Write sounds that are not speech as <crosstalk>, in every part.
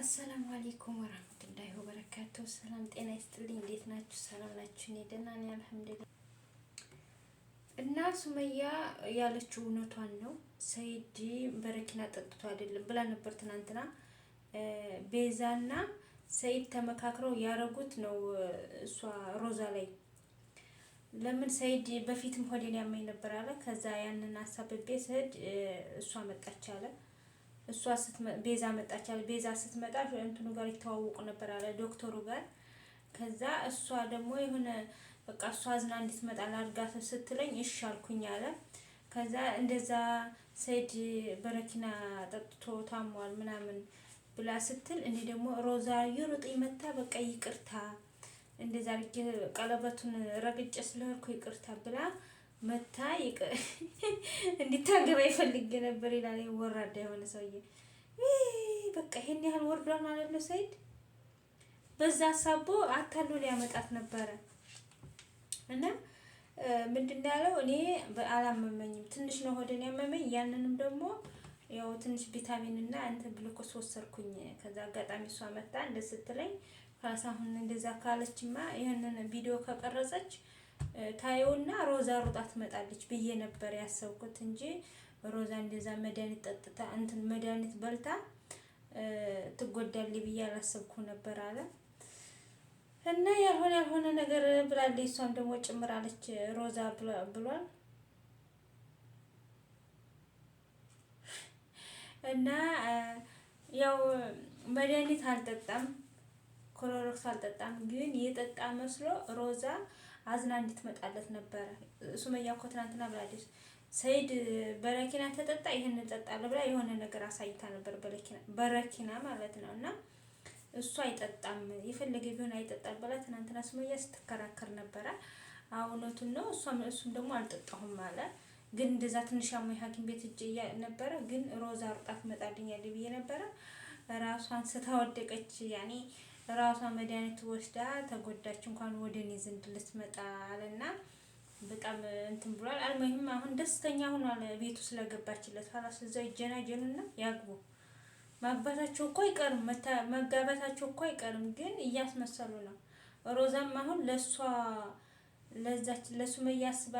አሰላሙ አሌይኩም ወራህመቱላሂ ወበረካቱ። ሰላም ጤና ይስጥልኝ። እንዴት ናችሁ? ሰላም ናችሁ? እኔ ደህና ነኝ አልሐምዱሊላህ። እና ሱመያ ያለችው እውነቷን ነው። ሰይድ በረኪና ጠጥቶ አይደለም ብላ ነበር ትናንትና። ቤዛና ሰይድ ተመካክረው ያረጉት ነው። እሷ ሮዛ ላይ ለምን ሰይድ በፊትም ሆዴን ያመኝ ነበር አለ። ከዛ ያንን አሳብቤ ሰይድ እሷ መጣች አለ እሷ ቤዛ መጣች አለ። ቤዛ ስትመጣ እንትኑ ጋር ይተዋወቁ ነበር አለ ዶክተሩ ጋር። ከዛ እሷ ደግሞ የሆነ በቃ እሷ አዝና እንድትመጣ ላድርጋት ስትለኝ እሺ አልኩኝ አለ። ከዛ እንደዛ ሰይድ በረኪና ጠጥቶ ታሟል ምናምን ብላ ስትል እኔ ደግሞ ሮዛ ሩጥ መታ በቃ ይቅርታ እንደዛ ቀለበቱን ረግጬ ስለሄድኩ ይቅርታ ብላ መታ <laughs> እንዲታገባ ይፈልግ ነበር ይላል ወራዳ የሆነ ሰውዬ። በቃ ይሄን ያህል ወርዷል ማለት ነው ሰይድ። በዛ ሳቦ አታሉ ሊያመጣት ነበረ እና ምንድን ያለው እኔ አላመመኝም፣ ትንሽ ነው ሆደን ያመመኝ። ያንንም ደግሞ ያው ትንሽ ቪታሚን እና እንትን ግሉኮስ ወሰድኩኝ። ከዛ አጋጣሚ እሷ መጣ እንደ ስትለኝ ካሳሁን እንደዛ ካለችማ ይህንን ቪዲዮ ከቀረጸች ታየውና ሮዛ ሩጣ ትመጣለች ብዬ ነበር ያሰብኩት እንጂ ሮዛ እንደዛ መድኃኒት ጠጥታ እንትን መድኃኒት በልታ ትጎዳለች ብዬ አላሰብኩ ነበር አለ እና ያልሆነ ያልሆነ ነገር ብላለች። እሷም ደግሞ ጭምራለች ሮዛ ብሏል። እና ያው መድኃኒት አልጠጣም፣ ኮሎሮክስ አልጠጣም። ግን የጠጣ መስሎ ሮዛ አዝና እንድትመጣለት ነበረ። ሱመያ እኮ ትናንትና ብላለች፣ ሰይድ በረኪና ተጠጣ ይህን እንጠጣለ ብላ የሆነ ነገር አሳይታ ነበር። በረኪና ማለት ነው። እና እሱ አይጠጣም የፈለገ ቢሆን አይጠጣም ብላ ትናንትና ሱመያ ስትከራከር ነበረ። እውነቱን ነው። እሱም ደግሞ አልጠጣሁም አለ። ግን እንደዛ ትንሽ አሞኝ ሐኪም ቤት እጅ ነበረ። ግን ሮዛ እርጣት መጣልኛል ብዬ ነበረ። ራሷን ስታወደቀች ያኔ ራሷ መድኃኒት ወስዳ ተጎዳች እንኳን ወደ እኔ ዘንድ ልትመጣ አለና በጣም እንትን ብሏል። አልሙሂም አሁን ደስተኛ ሆኗል ቤቱ ስለገባችለት። ኋላስ እዛ ይጀናጀኑና ያግቡ። ማግባታቸው እኮ አይቀርም፣ መጋባታቸው እኮ አይቀርም፣ ግን እያስመሰሉ ነው። ሮዛም አሁን ለእሷ ለዛች ለሱ መያስባ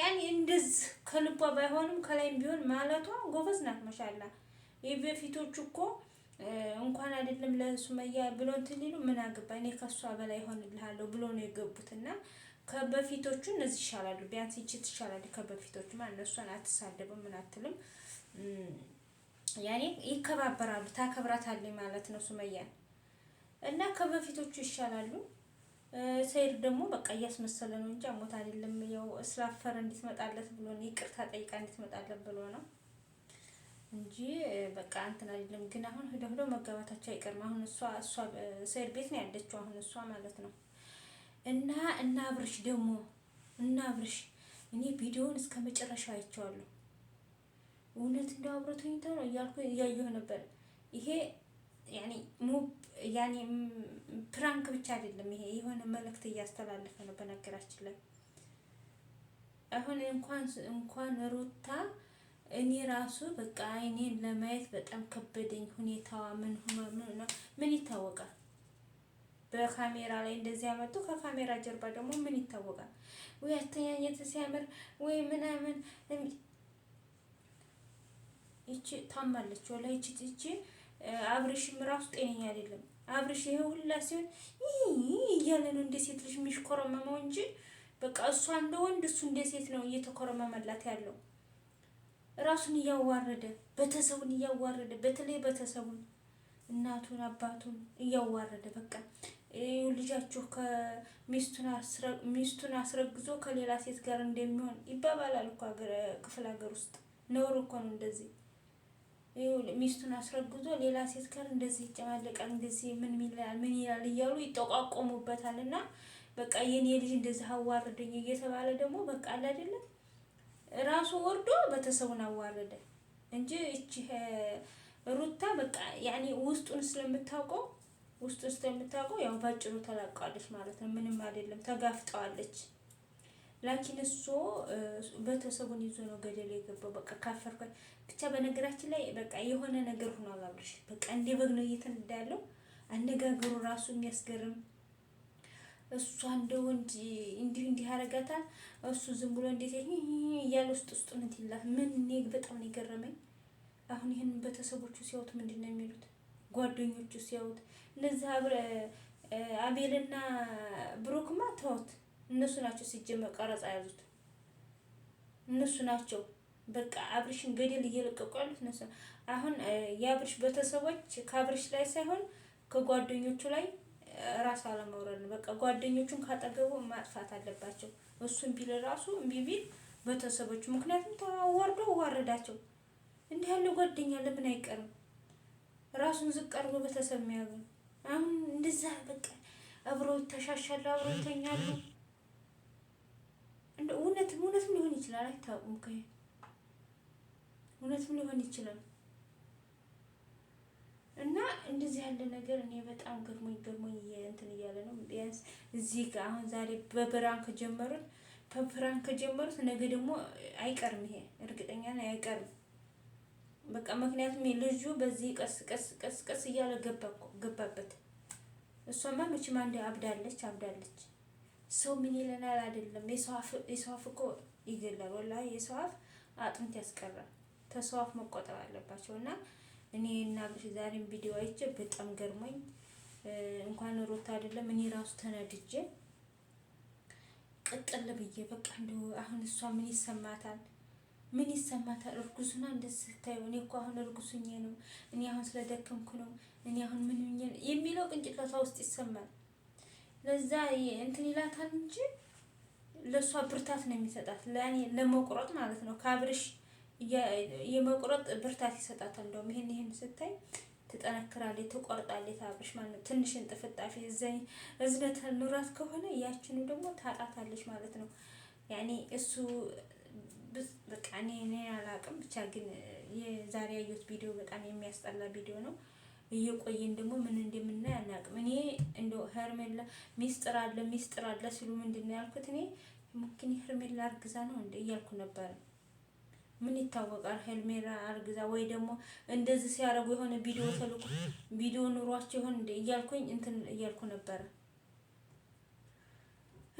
ያኔ እንደዚህ ከልቧ ባይሆንም ከላይም ቢሆን ማለቷ ጎበዝ ናት። መሻላ የበፊቶቹ እኮ እንኳን አይደለም ለሱመያ ብሎ እንትን ሊሉ ምን አገባ እኔ ከሷ በላይ ይሆንልሃለሁ ብሎ ነው የገቡት። እና ከበፊቶቹ እነዚህ ይሻላሉ፣ ቢያንስ ይቺ ትሻላለች ከበፊቶቹ። ማለት እነሷን አትሳደብም ምን አትልም፣ ያኔ ይከባበራሉ፣ ታከብራታለች ማለት ነው ሱመያን። እና ከበፊቶቹ ይሻላሉ። ሰይድ ደግሞ በቃ እያስመሰለ ነው እንጂ አሞት አይደለም። ያው ስላፈረ እንድትመጣለት ብሎ ነው ይቅርታ ጠይቃ እንድትመጣለት ብሎ ነው። እንጂ በቃ እንትን አይደለም። ግን አሁን ሄደው ሄደው መጋባታቸው አይቀርም። አሁን እሷ እሷ ሰይድ ቤት ነው ያለችው አሁን እሷ ማለት ነው። እና እና አብርሽ ደግሞ እና አብርሽ እኔ ቪዲዮውን እስከ መጨረሻ አይቼዋለሁ። እውነት እንደው አብረቱኝ ተው እያልኩ እያየሁ ነበር። ይሄ ያኔ ፕራንክ ብቻ አይደለም። ይሄ የሆነ መልእክት እያስተላለፈ ነው። በነገራችን ላይ አሁን እንኳን እንኳን ሩታ እኔ ራሱ በቃ አይኔን ለማየት በጣም ከበደኝ። ሁኔታዋ ምን ሆኖ ምን ይታወቃል? በካሜራ ላይ እንደዚህ ያመጡ ከካሜራ ጀርባ ደግሞ ምን ይታወቃል? ወይ አተኛኘት ሲያምር ወይ ምናምን። ይቺ ታማለች ወላ ይቺ ይቺ አብርሽም ራሱ ጤነኛ አይደለም። አብርሽ ይሄ ሁላ ሲሆን እያለ ነው እንደ ሴት ልጅ የሚሽኮረመመው እንጂ በቃ እሷ እንደ ወንድ እሱ እንደ ሴት ነው እየተኮረመመላት ያለው። ራሱን እያዋረደ ቤተሰቡን እያዋረደ በተለይ ቤተሰቡን እናቱን አባቱን እያዋረደ በቃ ልጃችሁ ሚስቱን አስረግዞ ከሌላ ሴት ጋር እንደሚሆን ይባባላል እኮ ክፍለ ሀገር ውስጥ ነውር እኮ ነው። እንደዚህ ሚስቱን አስረግዞ ሌላ ሴት ጋር እንደዚህ ይጨማለቃል፣ እንደዚህ ምን ይላል፣ ምን ይላል እያሉ ይጠቋቆሙበታል። እና በቃ የኔ ልጅ እንደዚህ አዋረደኝ እየተባለ ደግሞ በቃ አለ አይደለም ራሱ ወርዶ ቤተሰቡን አዋረደ እንጂ እቺ ሩታ በቃ ያኒ ውስጡን ስለምታውቀው ውስጡን ስለምታውቀው ያው ባጭሩ ተላቀዋለች ማለት ነው። ምንም አይደለም፣ ተጋፍጠዋለች። ላኪን እሱ ቤተሰቡን ይዞ ነው ገደል የገባው። በቃ ካፈርኩ ብቻ። በነገራችን ላይ በቃ የሆነ ነገር ሆኗል አብርሽ። በቃ እንደ በግ ነው እየተነዳ ያለው። አነጋገሩ ራሱ የሚያስገርም እሷ እንደው እንዲህ እንዲህ ያደርጋታል። እሱ ዝም ብሎ እንዴት እያለ ውስጥ ውስጡነት ይላል። ምን እኔ በጣም ነው የገረመኝ። አሁን ይህን ቤተሰቦቹ ሲያዩት ምንድን ነው የሚሉት? ጓደኞቹ ሲያዩት እነዚህ አብረ አቤልና ብሩክማ ተውት፣ እነሱ ናቸው ሲጀመር ቀረጻ ያዙት እነሱ ናቸው። በቃ አብርሽን ገደል እየለቀቁ ያሉት እነሱ። አሁን የአብርሽ ቤተሰቦች ከአብርሽ ላይ ሳይሆን ከጓደኞቹ ላይ ራሱ አለመውረድ ነው። በቃ ጓደኞቹን ካጠገቡ ማጥፋት አለባቸው። እሱ ቢል ራሱ እምቢ ቢል ቤተሰቦቹ ምክንያቱም ተዋወርዶ ዋረዳቸው። እንዲህ ያለ ጓደኛ ለምን አይቀርም? ራሱን ዝቅ አድርጎ ቤተሰብ የሚያገኝ አሁን እንደዛ በቃ አብረው ይተሻሻሉ፣ አብረው ይተኛሉ። እንደ እውነትም እውነትም ሊሆን ይችላል አይታወቅም። እውነትም ሊሆን ይችላል። እና እንደዚህ ያለ ነገር እኔ በጣም ግርሞኝ ገርሞኝ እንትን እያለ ነው። ቢያንስ እዚህ ጋር አሁን ዛሬ በብራን ከጀመሩት በብራን ከጀመሩት ነገ ደግሞ አይቀርም፣ ይሄ እርግጠኛ ነኝ አይቀርም። በቃ ምክንያቱም ልጁ በዚህ ቀስ ቀስ ቀስ ቀስ እያለ ገባበት። እሷማ መቼም አንድ አብዳለች አብዳለች። ሰው ምን ይለናል አይደለም። የሰው አፍ እኮ ይገላል፣ ወላሂ የሰው አፍ አጥንት ያስቀራል። ተሰዋፍ መቆጠብ አለባቸው እና እኔ እና አብርሽ ዛሬን ቪዲዮ አይቼ በጣም ገርሞኝ እንኳን ሩታ አይደለም እኔ ራሱ ተናድጄ ቅጥል ብዬ በቃ እንደው አሁን እሷ ምን ይሰማታል? ምን ይሰማታል? እርጉዙና እንደዚህ ስታዩ እኔ እኮ አሁን እርጉዙኜ ነው እኔ አሁን ስለደከምኩ ነው እኔ አሁን ምን ነው የሚለው ቅንጭላቷ ውስጥ ይሰማል። ለዛ እንትን ይላታል እንጂ ለእሷ ብርታት ነው የሚሰጣት ለእኔ ለመቁረጥ ማለት ነው ከአብርሽ የመቁረጥ ብርታት ይሰጣታል። እንደውም ይሄን ይሄን ስታይ ትጠነክራለች፣ ትቆርጣለች። ታብሽ ማለት ነው። ትንሽን ጥፍጣፊ እዛኝ እዝነት ኑራት ከሆነ ያችኑ ደግሞ ታጣታለች ማለት ነው። ያኔ እሱ በቃ እኔ እኔ አላቅም ብቻ ግን የዛሬ ያየሁት ቪዲዮ በጣም የሚያስጠላ ቪዲዮ ነው። እየቆየን ደግሞ ምን እንደምናይ አናቅም። እኔ እንደ ሄርሜላ ሚስጥር አለ ሚስጥር አለ ሲሉ ምንድን ነው ያልኩት? እኔ ሙኪን ሄርሜላ እርግዛ ነው እንደ እያልኩ ነበረ። ምን ይታወቃል? ሄልሜራ አርግዛ ወይ ደግሞ እንደዚህ ሲያደርጉ የሆነ ቪዲዮ ተልኮ ቪዲዮ ኑሯቸው ይሆን እንደ እያልኩኝ እንትን እያልኩ ነበረ።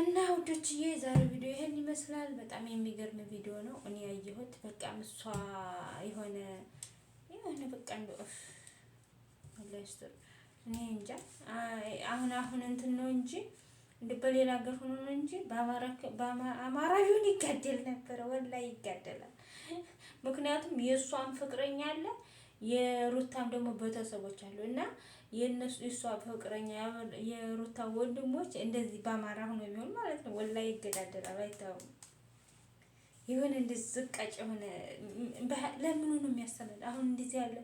እና ውዶችዬ የዛሬ ቪዲዮ ይሄን ይመስላል። በጣም የሚገርም ቪዲዮ ነው እኔ ያየሁት። በቃ እሷ የሆነ የሆነ በቃ እንደው እኔ እንጃ አሁን አሁን እንትን ነው እንጂ እንደ በሌላ ሀገር ሆኖ ነው እንጂ በአማራ ቢሆን ይጋደል ነበረ። ወላሂ ይጋደላል። ምክንያቱም የእሷን ፍቅረኛ አለ የሩታም ደግሞ ቤተሰቦች አሉ እና የእነሱ እሷ ፍቅረኛ የሩታ ወንድሞች እንደዚህ በአማራ ሆኖ ቢሆን ማለት ነው ወላ ይገዳደራል። አይታወም ይሁን እንደዚህ ዝቃጭ የሆነ ለምኑ ነው የሚያስተምር አሁን እንደዚህ ያለ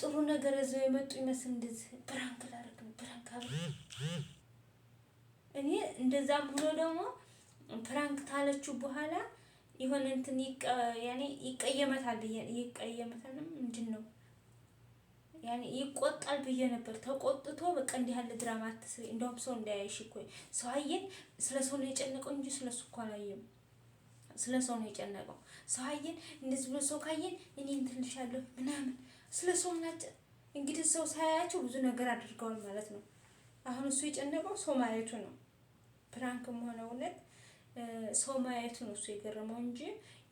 ጥሩ ነገር እዛው የመጡ ይመስል እንደዚህ ብራንክ ላደርግ ነው ብራንክ አሉ። እኔ እንደዛም ሆኖ ደግሞ ፕራንክ ታለችው በኋላ የሆነ እንትን ያኔ ይቀየመታል ብዬ ይቀየመታል ምንድን ነው ያኔ ይቆጣል ብዬ ነበር። ተቆጥቶ በቃ እንዲህ ያለ ድራማ አትስሪ፣ እንደውም ሰው እንዳያይሽ እኮ ሰው አየን። ስለ ሰው ነው የጨነቀው እንጂ ስለ እሱ እኮ አላየም። ስለ ሰው ነው የጨነቀው። ሰው አየን፣ እንደዚህ ብሎ ሰው ካየን እኔ እንትልሻለሁ ምናምን ስለ ሰው ናት። እንግዲህ ሰው ሳያያቸው ብዙ ነገር አድርገዋል ማለት ነው። አሁን እሱ የጨነቀው ሰው ማየቱ ነው። ፕራንክም ሆነ እውነት ሰው ማየቱ ነው እሱ የገረመው እንጂ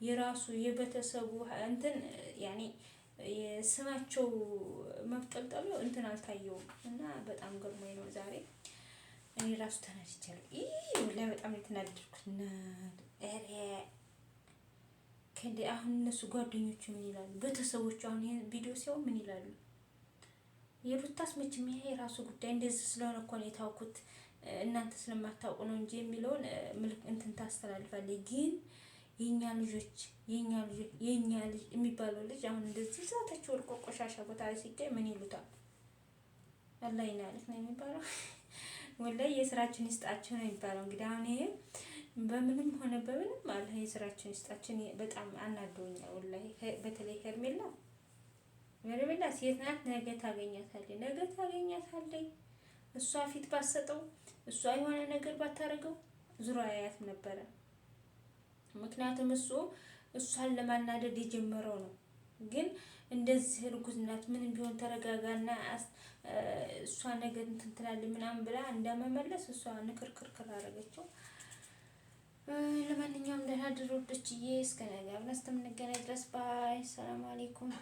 የራሱ የቤተሰቡ እንትን ያኔ የስማቸው መብጠልጠሉ እንትን አልታየውም። እና በጣም ገርሞኝ ነው ዛሬ እኔ ራሱ ተናድቻለሁ። ይህ ላይ በጣም የተናደድኩት ከእንደ አሁን እነሱ ጓደኞቹ ምን ይላሉ? ቤተሰቦቹ አሁን ይህን ቪዲዮ ሲሆን ምን ይላሉ? የሩታስ መቼም ይሄ የራሱ ጉዳይ እንደዚህ ስለሆነ እኮ ነው የታውኩት እናንተ ስለማታውቁ ነው እንጂ የሚለውን ምልክ እንትን ታስተላልፋለች። ግን የእኛ ልጆች የእኛ ልጆች የእኛ ልጅ የሚባለው ልጅ አሁን እንደዚህ ዛተች ወድቆ ቆሻሻ ቦታ ላይ ሲገኝ ምን ይሉታል? ወላሂ ነው ያሉት ነው የሚባለው። <laughs> ወላሂ የስራችን ይስጣችሁ ነው የሚባለው። እንግዲህ አሁን ይሄ በምንም ሆነ በምንም አለ የስራችን ይስጣችን። በጣም አናዶኛል ወላሂ። በተለይ ሄርሜላ ሄርሜላ ሴት ናት። ነገ ታገኛታለች፣ ነገ ታገኛታለች እሷ ፊት ባሰጠው እሷ የሆነ ነገር ባታደርገው ዙሮ አያት ነበረ። ምክንያቱም እሱ እሷን ለማናደድ የጀመረው ነው። ግን እንደዚህ እርጉዝ ናት፣ ምንም ቢሆን ተረጋጋና እሷ ነገር እንትን ትላለች ምናምን ብላ እንደመመለስ እሷ ንክርክርክር አደረገችው። ለማንኛውም ደህና ድሮ ወዶችዬ፣ እስከ ነገ ብለን እስከምንገናኝ ድረስ ባይ። ሰላም አለይኩም።